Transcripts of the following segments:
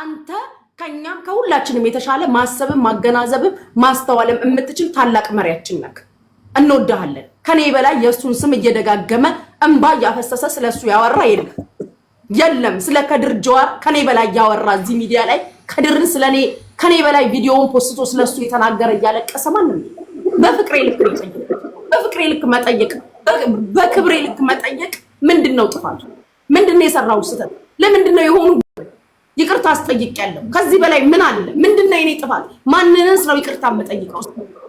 አንተ ከኛም ከሁላችንም የተሻለ ማሰብም ማገናዘብም ማስተዋልም የምትችል ታላቅ መሪያችን ነክ እንወዳሃለን። ከኔ በላይ የእሱን ስም እየደጋገመ እንባ እያፈሰሰ ስለ እሱ ያወራ የለም የለም። ስለ ከድር ጀዋር ከኔ በላይ እያወራ እዚህ ሚዲያ ላይ ከድርን ስለኔ ከኔ በላይ ቪዲዮውን ፖስቶ ስለ እሱ የተናገረ እያለቀሰ ማንም በፍቅሬ ልክ መጠየቅ በፍቅሬ ልክ መጠየቅ በክብሬ ልክ መጠየቅ ምንድን ነው ጥፋቱ? ምንድን ነው የሰራው ስህተት? ለምንድን ነው የሆኑ ይቅርታ አስጠይቄያለሁ። ከዚህ በላይ ምን አለ? ምንድነው የኔ ጥፋት? ማንንስ ነው ይቅርታ የምጠይቀው?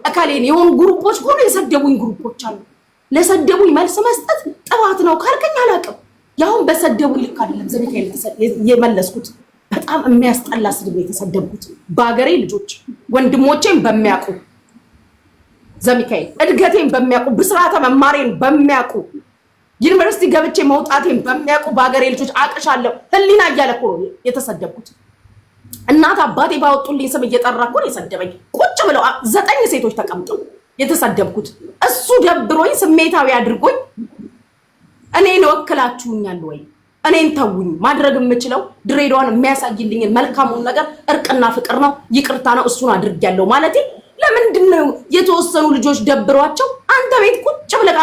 እከሌን የሆኑ ግሩፖች ሁሉ የሰደቡኝ ግሩፖች አሉ። ለሰደቡኝ መልስ መስጠት ጥፋት ነው ካልከኝ አላውቅም። ያሁን በሰደቡኝ ልክ አይደለም ዘቤታ የመለስኩት። በጣም የሚያስጠላ ስድብ የተሰደብኩት በሀገሬ ልጆች ወንድሞቼን በሚያውቁ ዘሚካኤል እድገቴን በሚያውቁ ብስራተ መማሬን በሚያውቁ ዩኒቨርሲቲ ገብቼ መውጣቴን በሚያውቁ በሀገሬ ልጆች አቅሻለሁ። ህሊና እያለ እኮ ነው የተሰደብኩት። እናት አባቴ ባወጡልኝ ስም እየጠራ እኮ ነው የሰደበኝ። ቁጭ ብለው ዘጠኝ ሴቶች ተቀምጠው የተሰደብኩት እሱ ደብሮኝ ስሜታዊ አድርጎኝ እኔን ወክላችሁኛል ወይ እኔን ተውኝ። ማድረግ የምችለው ድሬዳዋን የሚያሳይልኝን መልካሙን ነገር እርቅና ፍቅር ነው፣ ይቅርታ ነው። እሱን አድርጌያለሁ ማለቴ ለምንድን ነው የተወሰኑ ልጆች ደብሯቸው አንተ ቤት ቁጭ ብለህ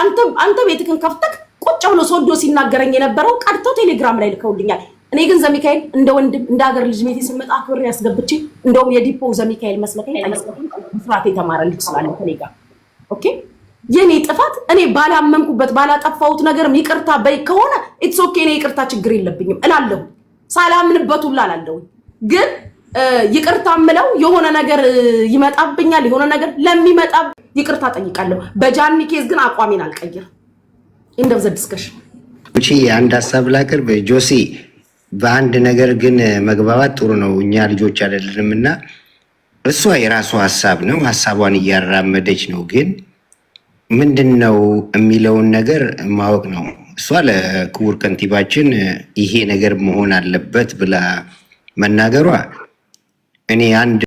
አንተ ቤትህን ከፍተህ ቁጭ ብሎ ሶዶ ሲናገረኝ የነበረው ቀድቶ ቴሌግራም ላይ ልከውልኛል። እኔ ግን ዘሚካኤል እንደ ወንድም እንደ ሀገር ልጅ ቤቴ ስመጣ አክብሬ ያስገብቼ እንደውም የዲፖ ዘሚካኤል መስለከኝ ስርዓት የተማረ ልጅ ስላለ ከኔ ጋር ኦኬ። ጥፋት እኔ ባላመንኩበት ባላጠፋሁት ነገርም ይቅርታ በይ ከሆነ ኢትስ ኦኬ። እኔ ይቅርታ ችግር የለብኝም እላለሁ፣ ሳላምንበት ሁላ እላለሁ። ግን ይቅርታ ምለው የሆነ ነገር ይመጣብኛል፣ የሆነ ነገር ለሚመጣ ይቅርታ ጠይቃለሁ። በጃኒ ኬዝ ግን አቋሜን አልቀይር ኢንድ ኦፍ ዘ ዲስከሽን ውጪ አንድ ሀሳብ ላቅርብ። ጆሲ በአንድ ነገር ግን መግባባት ጥሩ ነው። እኛ ልጆች አይደለንም እና እሷ የራሷ ሀሳብ ነው፣ ሀሳቧን እያራመደች ነው። ግን ምንድን ነው የሚለውን ነገር ማወቅ ነው። እሷ ለክቡር ከንቲባችን ይሄ ነገር መሆን አለበት ብላ መናገሯ እኔ አንድ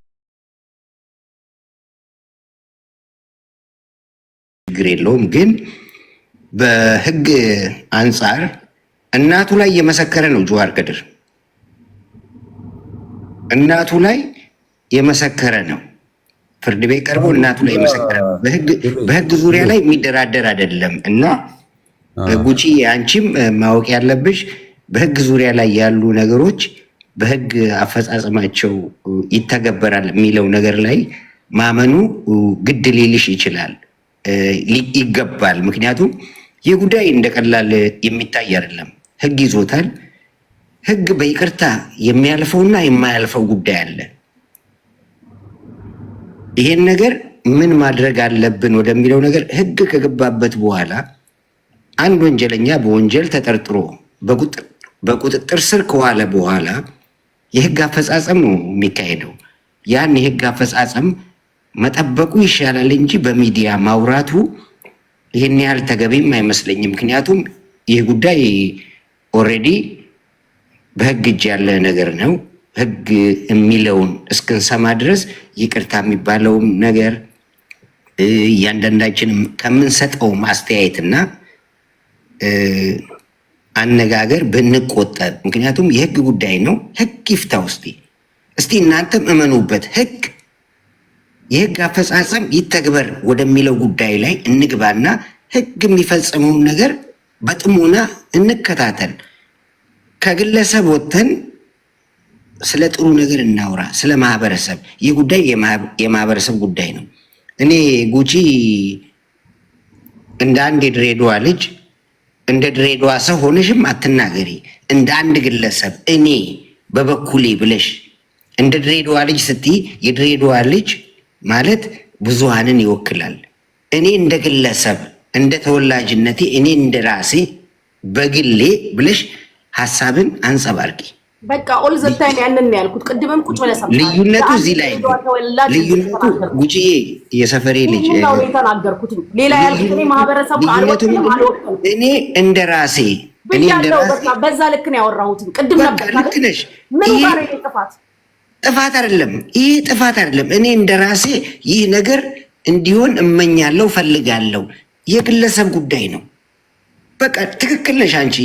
ችግር የለውም ግን በህግ አንጻር እናቱ ላይ የመሰከረ ነው። ጁሃር ከድር እናቱ ላይ የመሰከረ ነው። ፍርድ ቤት ቀርቦ እናቱ ላይ የመሰከረ ነው። በህግ ዙሪያ ላይ የሚደራደር አይደለም እና ጉጪ፣ አንቺም ማወቅ ያለብሽ በህግ ዙሪያ ላይ ያሉ ነገሮች በህግ አፈጻጸማቸው ይተገበራል የሚለው ነገር ላይ ማመኑ ግድ ሊልሽ ይችላል። ይገባል። ምክንያቱም ይህ ጉዳይ እንደ ቀላል የሚታይ አይደለም። ህግ ይዞታል። ህግ በይቅርታ የሚያልፈውና የማያልፈው ጉዳይ አለ። ይሄን ነገር ምን ማድረግ አለብን ወደሚለው ነገር ህግ ከገባበት በኋላ አንድ ወንጀለኛ በወንጀል ተጠርጥሮ በቁጥጥር ስር ከዋለ በኋላ የህግ አፈጻጸም ነው የሚካሄደው። ያን የህግ አፈጻጸም መጠበቁ ይሻላል እንጂ በሚዲያ ማውራቱ ይህን ያህል ተገቢም አይመስለኝም። ምክንያቱም ይህ ጉዳይ ኦልሬዲ በህግ እጅ ያለ ነገር ነው። ህግ የሚለውን እስክንሰማ ድረስ ይቅርታ የሚባለውም ነገር እያንዳንዳችን ከምንሰጠው አስተያየትና አነጋገር ብንቆጠብ፣ ምክንያቱም የህግ ጉዳይ ነው። ህግ ይፍታ። ውስጥ እስቲ እናንተም እመኑበት ህግ የህግ አፈጻጸም ይተግበር ወደሚለው ጉዳይ ላይ እንግባና ህግ የሚፈጽመውን ነገር በጥሞና እንከታተል። ከግለሰብ ወጥተን ስለ ጥሩ ነገር እናውራ፣ ስለ ማህበረሰብ። ይህ ጉዳይ የማህበረሰብ ጉዳይ ነው። እኔ ጉቺ እንደ አንድ የድሬዳዋ ልጅ እንደ ድሬዳዋ ሰው ሆነሽም አትናገሪ። እንደ አንድ ግለሰብ እኔ በበኩሌ ብለሽ እንደ ድሬዳዋ ልጅ ስትይ የድሬዳዋ ልጅ ማለት ብዙሃንን ይወክላል። እኔ እንደ ግለሰብ እንደ ተወላጅነቴ እኔ እንደ ራሴ በግሌ ብለሽ ሀሳብን አንጸባርቂ። በቃ ኦል ዘ ታይም ያንን ያልኩት ቅድምም ቁጭ ብለህ ሰምተሃል። ልዩነቱ እዚህ ላይ ነው። ልዩነቱ ጉጭዬ የሰፈሬ ልጅ የተናገርኩት ሌላ ያልኩት እኔ ማህበረሰቡን አልወክልም አልወክልም እኔ እንደ ራሴ እኔ እንደ ራሴ በዛ ልክ ነው ያወራሁትን ቅድም ነበር ልክ ነሽ ምን ጋር ጥፋት ጥፋት አይደለም። ይህ ጥፋት አይደለም። እኔ እንደ ራሴ ይህ ነገር እንዲሆን እመኛለሁ፣ ፈልጋለሁ። የግለሰብ ጉዳይ ነው። በቃ ትክክል ነሽ አንቺ።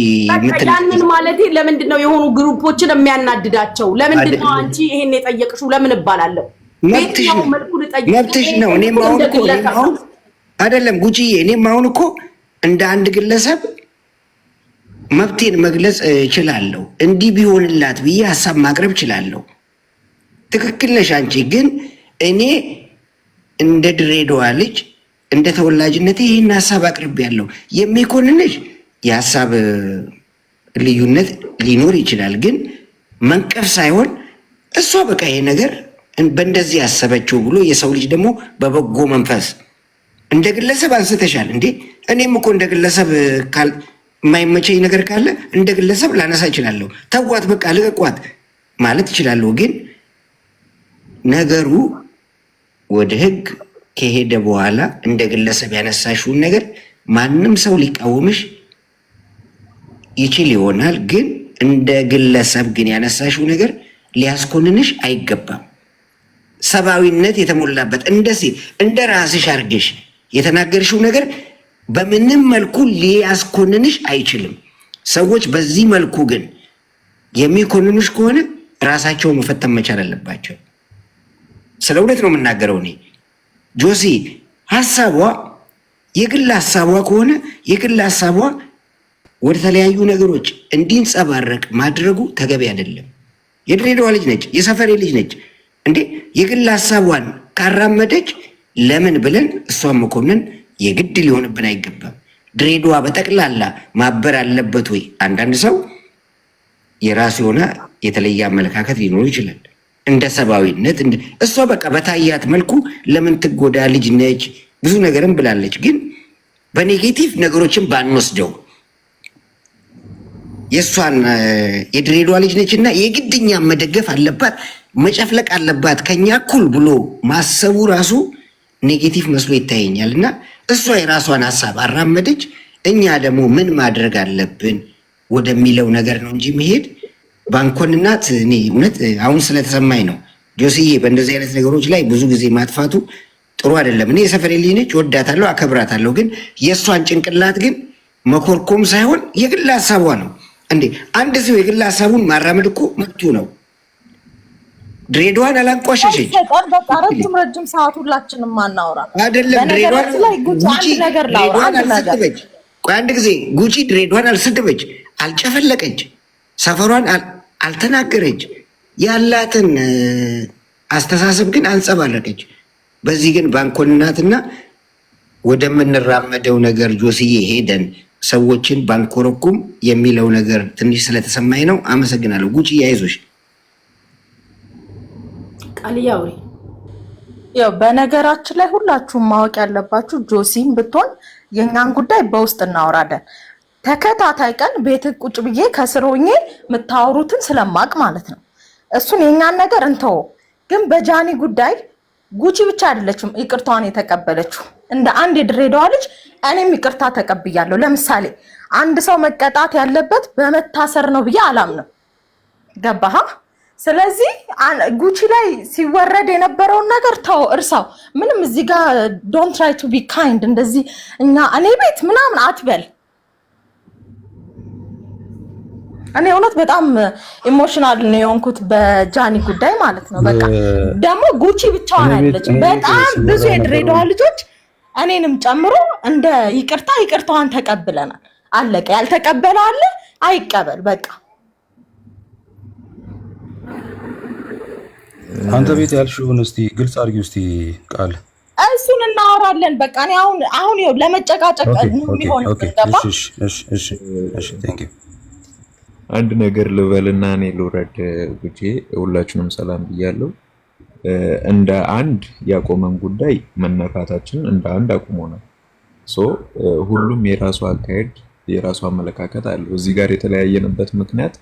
ያንን ማለት ለምንድን ነው የሆኑ ግሩፖችን የሚያናድዳቸው? ለምንድን ነው አንቺ ይሄን የጠየቅሽው? ለምን እባላለሁ? መብትሽ ነው። እኔም አሁን እኮ አይደለም ጉጭዬ፣ እኔም አሁን እኮ እንደ አንድ ግለሰብ መብቴን መግለጽ እችላለሁ። እንዲህ ቢሆንላት ብዬ ሀሳብ ማቅረብ እችላለሁ። ትክክል ነሽ አንቺ። ግን እኔ እንደ ድሬዳዋ ልጅ እንደ ተወላጅነት ይህን ሀሳብ አቅርቤ ያለው የሚኮንንሽ የሀሳብ ልዩነት ሊኖር ይችላል። ግን መንቀፍ ሳይሆን እሷ በቃ ይሄ ነገር በእንደዚህ ያሰበችው ብሎ የሰው ልጅ ደግሞ በበጎ መንፈስ እንደ ግለሰብ አንስተሻል እንዴ? እኔም እኮ እንደ ግለሰብ የማይመቸኝ ነገር ካለ እንደ ግለሰብ ላነሳ እችላለሁ። ተዋት በቃ ልቀቋት ማለት እችላለሁ ግን ነገሩ ወደ ህግ ከሄደ በኋላ እንደ ግለሰብ ያነሳሽውን ነገር ማንም ሰው ሊቃወምሽ ይችል ይሆናል። ግን እንደ ግለሰብ ግን ያነሳሽው ነገር ሊያስኮንንሽ አይገባም። ሰብአዊነት የተሞላበት እንደ ሴት እንደ ራስሽ አርገሽ የተናገርሽው ነገር በምንም መልኩ ሊያስኮንንሽ አይችልም። ሰዎች በዚህ መልኩ ግን የሚኮንኑሽ ከሆነ ራሳቸው መፈተን መቻል አለባቸው። ስለ እውነት ነው የምናገረው። እኔ ጆሲ ሀሳቧ የግል ሀሳቧ ከሆነ የግል ሀሳቧ ወደ ተለያዩ ነገሮች እንዲንጸባረቅ ማድረጉ ተገቢ አይደለም። የድሬዳዋ ልጅ ነች፣ የሰፈሬ ልጅ ነች። እንዴ የግል ሀሳቧን ካራመደች ለምን ብለን እሷን መኮንን የግድ ሊሆንብን አይገባም። ድሬዳዋ በጠቅላላ ማበር አለበት ወይ? አንዳንድ ሰው የራሱ የሆነ የተለየ አመለካከት ሊኖሩ ይችላል። እንደ ሰብአዊነት እሷ በቃ በታያት መልኩ ለምን ትጎዳ ልጅ ነች ብዙ ነገርም ብላለች። ግን በኔጌቲቭ ነገሮችን ባንወስደው የእሷን የድሬዷ ልጅ ነች እና የግድኛ መደገፍ አለባት መጨፍለቅ አለባት ከኛ እኩል ብሎ ማሰቡ ራሱ ኔጌቲቭ መስሎ ይታየኛል። እና እሷ የራሷን ሀሳብ አራመደች፣ እኛ ደግሞ ምን ማድረግ አለብን ወደሚለው ነገር ነው እንጂ መሄድ ባንኮን እናት እኔ እውነት አሁን ስለተሰማኝ ነው። ጆስዬ በእንደዚህ አይነት ነገሮች ላይ ብዙ ጊዜ ማጥፋቱ ጥሩ አይደለም። እኔ የሰፈሬ ልጅ ነች፣ ወዳታለሁ፣ አከብራታለሁ። ግን የእሷን ጭንቅላት ግን መኮርኮም ሳይሆን የግል ሀሳቧ ነው እንዴ። አንድ ሰው የግል ሀሳቡን ማራመድ እኮ መብቱ ነው። ድሬዳዋን አላንቋሸሸኝ። ረጅም ረጅም ሰዓት ሁላችንም አናውራ አይደለም። ድሬዳዋን ቆይ አንድ ጊዜ ጉቺ ድሬዳዋን አልሰደበች፣ አልጨፈለቀች ሰፈሯን አልተናገረች። ያላትን አስተሳሰብ ግን አንጸባረቀች። በዚህ ግን ባንኮንናትና ወደምንራመደው ነገር ጆስዬ ሄደን ሰዎችን ባንኮረኩም የሚለው ነገር ትንሽ ስለተሰማኝ ነው። አመሰግናለሁ። ጉጭ ያይዞሽ ያው በነገራችን ላይ ሁላችሁም ማወቅ ያለባችሁ ጆሲም ብትሆን የእኛን ጉዳይ በውስጥ እናወራለን። ተከታታይ ቀን ቤት ቁጭ ብዬ ከስር ሆኜ የምታወሩትን ስለማቅ ማለት ነው። እሱን የኛን ነገር እንተው። ግን በጃኒ ጉዳይ ጉቺ ብቻ አይደለችም ይቅርታዋን የተቀበለችው። እንደ አንድ የድሬዳዋ ልጅ እኔም ይቅርታ ተቀብያለሁ። ለምሳሌ አንድ ሰው መቀጣት ያለበት በመታሰር ነው ብዬ አላምንም። ገባህ? ስለዚህ ጉቺ ላይ ሲወረድ የነበረውን ነገር ተው፣ እርሳው። ምንም እዚህ ጋር ዶንት ትራይ ቱ ቢ ካይንድ እንደዚህ እኛ እኔ ቤት ምናምን አትበል። እኔ እውነት በጣም ኢሞሽናል ነው የሆንኩት በጃኒ ጉዳይ ማለት ነው። በቃ ደግሞ ጉቺ ብቻዋን አለች። በጣም ብዙ የድሬዳዋ ልጆች እኔንም ጨምሮ እንደ ይቅርታ ይቅርታዋን ተቀብለናል። አለቀ። ያልተቀበለ አለ አይቀበል። በቃ አንተ ቤት ያልሽውን እስቲ ግልጽ አድርጊ ውስጥ ቃል እሱን እናወራለን። በቃ እኔ አሁን አሁን ለመጨቃጨቅ የሚሆን ገባ አንድ ነገር ልበልና እኔ ልውረድ። ጉጄ ሁላችንም ሰላም ብያለሁ። እንደ አንድ ያቆመን ጉዳይ መነፋታችን እንደ አንድ አቁሞናል። ሶ ሁሉም የራሱ አካሄድ የራሱ አመለካከት አለው። እዚህ ጋር የተለያየንበት ምክንያት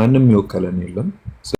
ማንም የወከለን የለም።